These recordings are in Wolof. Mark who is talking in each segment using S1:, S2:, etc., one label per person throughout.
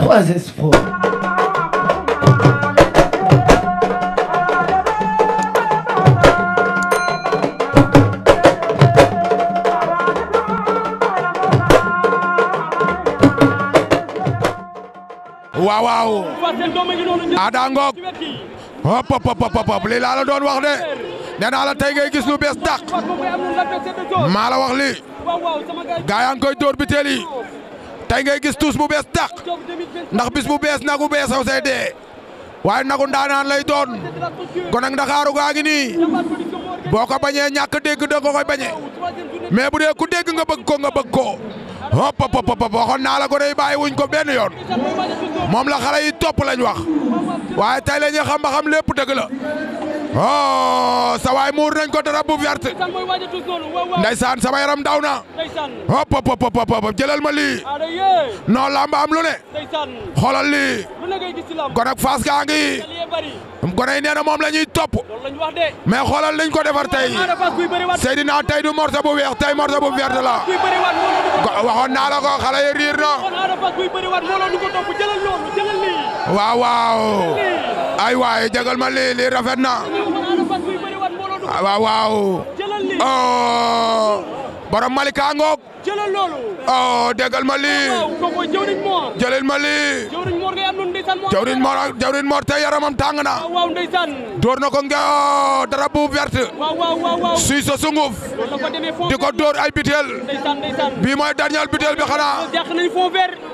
S1: 3S Pro. waaw waaw doon wax de nee naa tey ngay gis lu bees dàq maa la wax lii gaa koy dóor bi tey ngay gis tuus bu bees tàq ndax bis bu bees nagu bees aw say dee waaye nagu ndaanaan lay doon kon nag Ndakaaru gaa ngi nii boo ko bañee ñàkk dégg da ko koy bañee mais bu dee ku dégg nga bëgg ko nga bëgg ko hop hop pop waxoon naa la ko day bàyyi wuñ ko benn yoon moom la xale yi topp lañ wax waaye tey la ñuy xam ba xam lépp dëgg la. oh sa waay muur nañ ko dara bu verte ndeysaan sama yaram daw na hop hop hop hop jëlal ma lii non lamba am lu ne xoolal lii kon ak faas gaa ngi um gone yi nee na moom la topp mais xoolal liñ ko defar tey Seydina tey du morceau bu weex tey morceau bu vert la waxoon naa ko xale riir na waaw waaw ay waay jégal ma lii lii rafet na waaw waaw borom Malika ngoog. jëlal loolu. oh déggal ma lii. jëlal ma lii. jawriñ Mor ak jawriñ Mor tey yaramam tàng na. door na ko nga oh, dara bu verte. suy sa sunguf. di ko door ay bitel. bii mooy dernier bitel bi xanaa.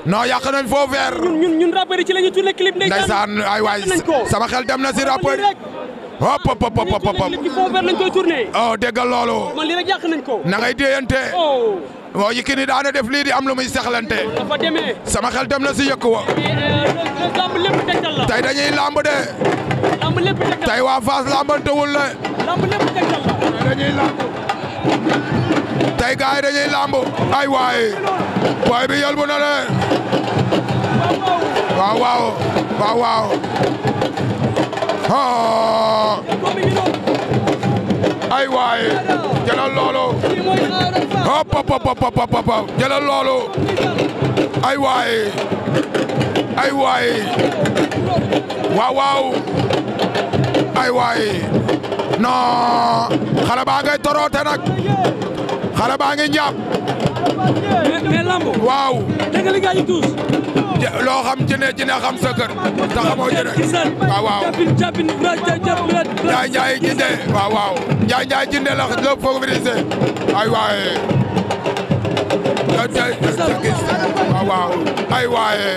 S1: non yàq nañ fond vert. ndeysaan ay waay sama xel dem na si rapport. hop hop hop hop hop léegi fond vert lañ koy tourné. oh déggal loolu. man lii rek yàq nañ ko. na ngay déyante. oh. waaw oh, Yékini daana def lii di am lu muy saxlante. Oh, dafa demee. sama xel dem na si yëkku wa. Eh, eh, lamb lépp tegtal la. tey dañuy lamb de. lamb lépp tegtal la tey waa Fass lambante wul la. lamb lépp tegtal la. tey dañuy lamb. tey gars yi dañuy lamb. ay waay. waay bi yëlbu na le. waaw waaw waaw waaw. haa ay waaye jëlal loolu hop hop hop hop jëlal loolu ay waaye ay waaye waaw waaw ay waaye non xale baa ngay toroote nag xale baa ngi ñaap waaw dégg li gaay yi tuus loo xam jëne jëne xam sa kër ta xamoo jëne waaw waaw jàppin njaay njaay jinde waaw waaw njaay njaay jinde la lépp ay waaye waaw waaw ay waaye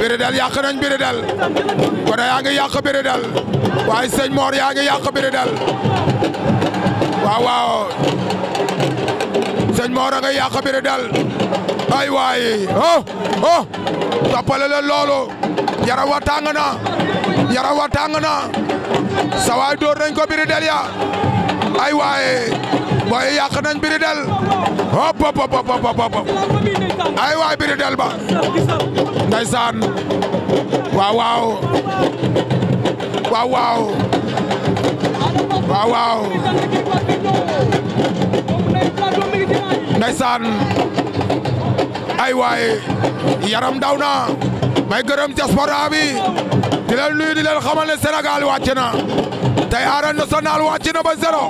S1: béré dal yàq nañ béré dal wala yaa ngi yàq béré waaye sëñ Mor yaa ngi yàq béré dal waaw Ngor a nga yàq mbiri dal ay waay oh oh toppale loolu yaram wa tàng na wa tàng na sa ko mbiri del ya ay waay booy yàq nañ mbiri del hop hop hop hop ay waay mbiri del ba ndeysaan waaw waaw waaw waaw waaw waaw ndeysaan ay waaye yaram daw may gërëm diaspora bi di leen nuyu di leen xamal ne Sénégal wàcc na tey arène nationale na ba zéro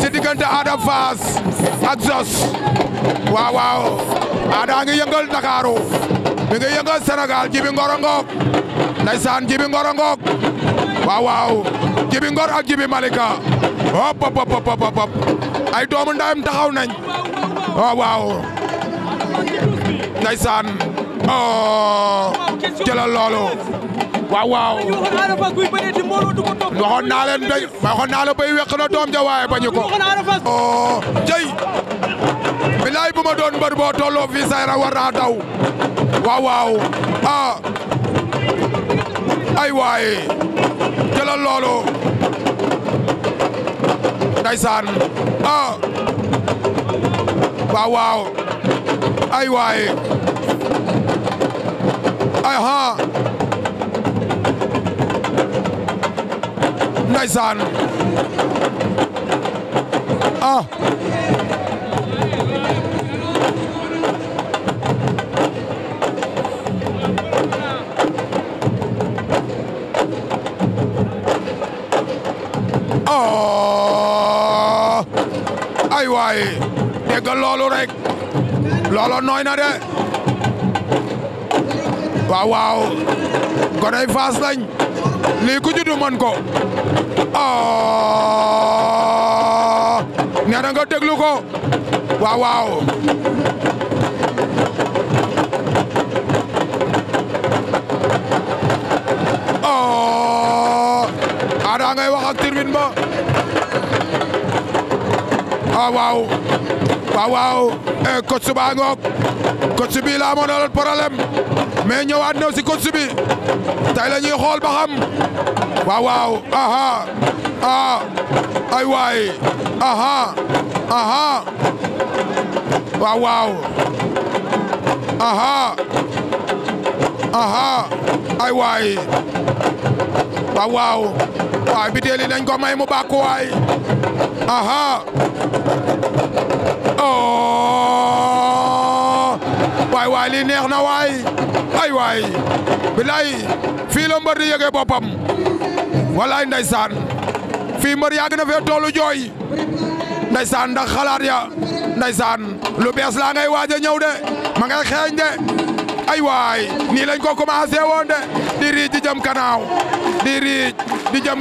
S1: si diggante Ada Fass ak Zoss waaw waaw Ada ngi mi ngi yëngal Sénégal jibi ngoro ngoog ndeysaan jibi ngoro ngoog waaw jibi ngor ak jibi malika hop ay doomu ndayam taxaw nañ oh, waaw waaw ndaysaan oh jëlal loolu waaw waaw waxoon naa leen bay waxoon naa na doom ja waaye bañu ko oh jëy bilaay bu ma doon mbër boo tolloo fii say ra daw waaw waaw ah. ay waaye jëlal loolu ndaysaan ah waaw waaw ay waay ay haa ndaysaan ah daggal loolu rek loolo nooy na de waaw waaw gonay faas lañ lii ku ko oh ah. nee na nga ko waaw waaw oh ah. ada ngay wax ak turbine ba ah, waaw waaw eh, coach baa ngoog coach bi la amoon lool problème mais ñëwaat na si coach bi tey la xool ba xam waaw waaw aha ah. ay waay aha aha waaw waaw aha aha ay waay waaw waay bi teeli nañ ko mu bàkku waay aha Oh! waay waay lii neex na waay ay waay bilaay fii la mbër di yëgee boppam walaay ndeysaan fii mbër yàgg na fee toolu jooy ndeysaan ndax xalaat ya ndeysaan lu bees laa ngay waaj a ñëw de ma ngay xeeñ de ay waay nii lañ ko commencé woon de di riij kanaaw di riij di jëm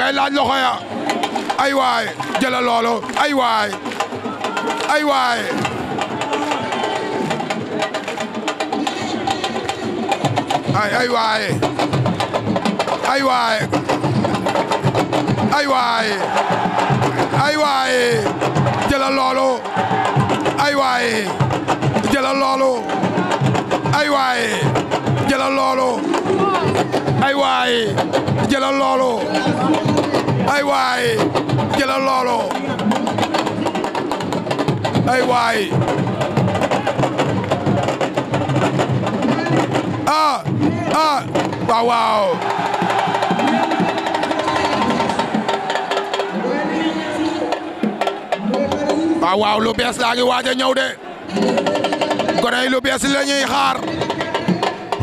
S1: laaj loxo ya ay waay jëla loolu ay waay ay waay ay ay waay ay waay ay waay ay waay jëla loolu ay waay jëla loolu ay waay jëla loolu ay waay jëla loolu ay waay jëlal loolu ay waay ah ah waaw waaw waaw waaw lu bees waaj a ñëw de gone yi lu bees la ñuy xaar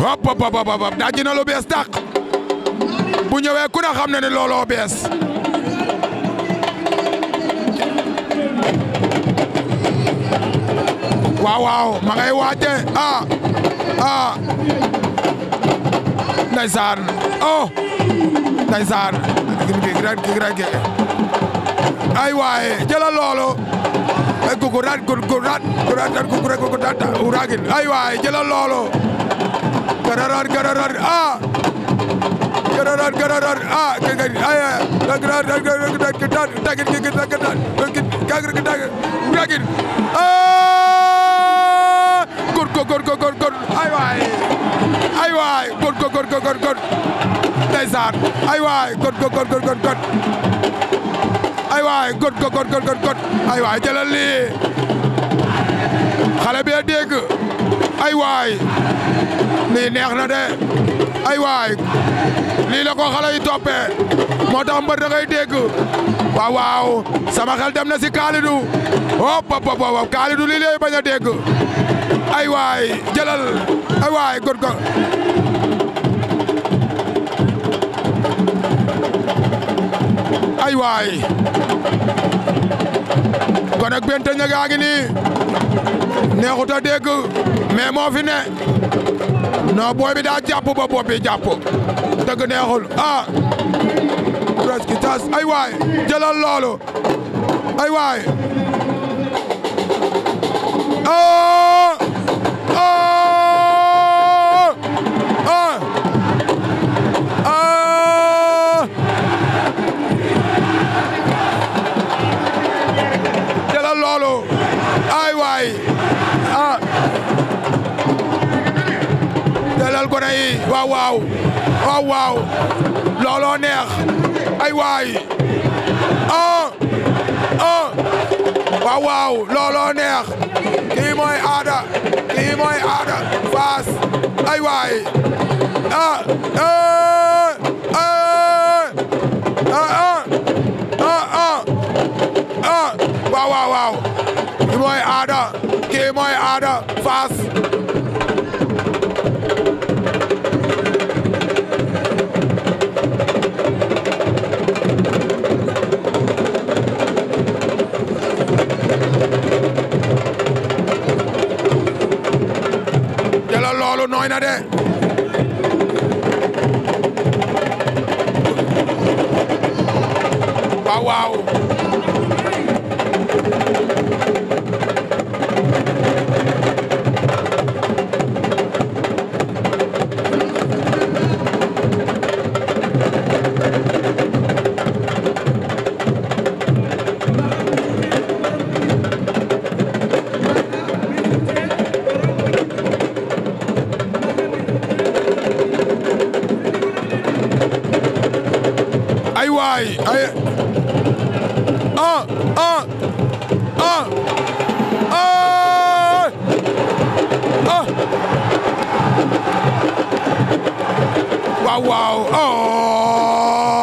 S1: hop hop hop hop dajji na lu bees dàq bu ne na ne looloo bees waaw waaw ma ngay waaje ah ah ndeysaan oh ndeysaan ay waaye jëlal loolu gugurat gugurat gugurat ay waaye jëlal loolu gararar gararar ah gararar gararar ah ay gararar gararar tagin ko góor ko góor góor ay waay ay waay góor ko góor ay waay góor ko góor góor ay waay góor lii xale bi dégg ay waay lii neex na de ay waay lii la xale yi toppee moo tax mbër da ngay waaw waaw sama xel dem na si Kalidou hop hop hop Kalidou lii lay bañ a dégg ay waay jëlal ay waay góor góor ay waay kon ak bente ñagaa nii neexut a dégg mais ne non booy bi daa jàpp bopp bi jàpp dëgg neexul ah presque tas ay waay jëlal loolu ay waay ah ah ah ah jëlal loolu ay waay ah jëlal gone yi waaw waaw waaw waaw looloo neex ay waay ah ah waaw waaw looloo neex kii mooy aada kii mooy aada faas ay waay ah eh, eh. Ah, ah. ah ah ah waaw waaw waaw mooy aada kii mooy aada faas na de waay ay ah ah ah ah waaw waaw oh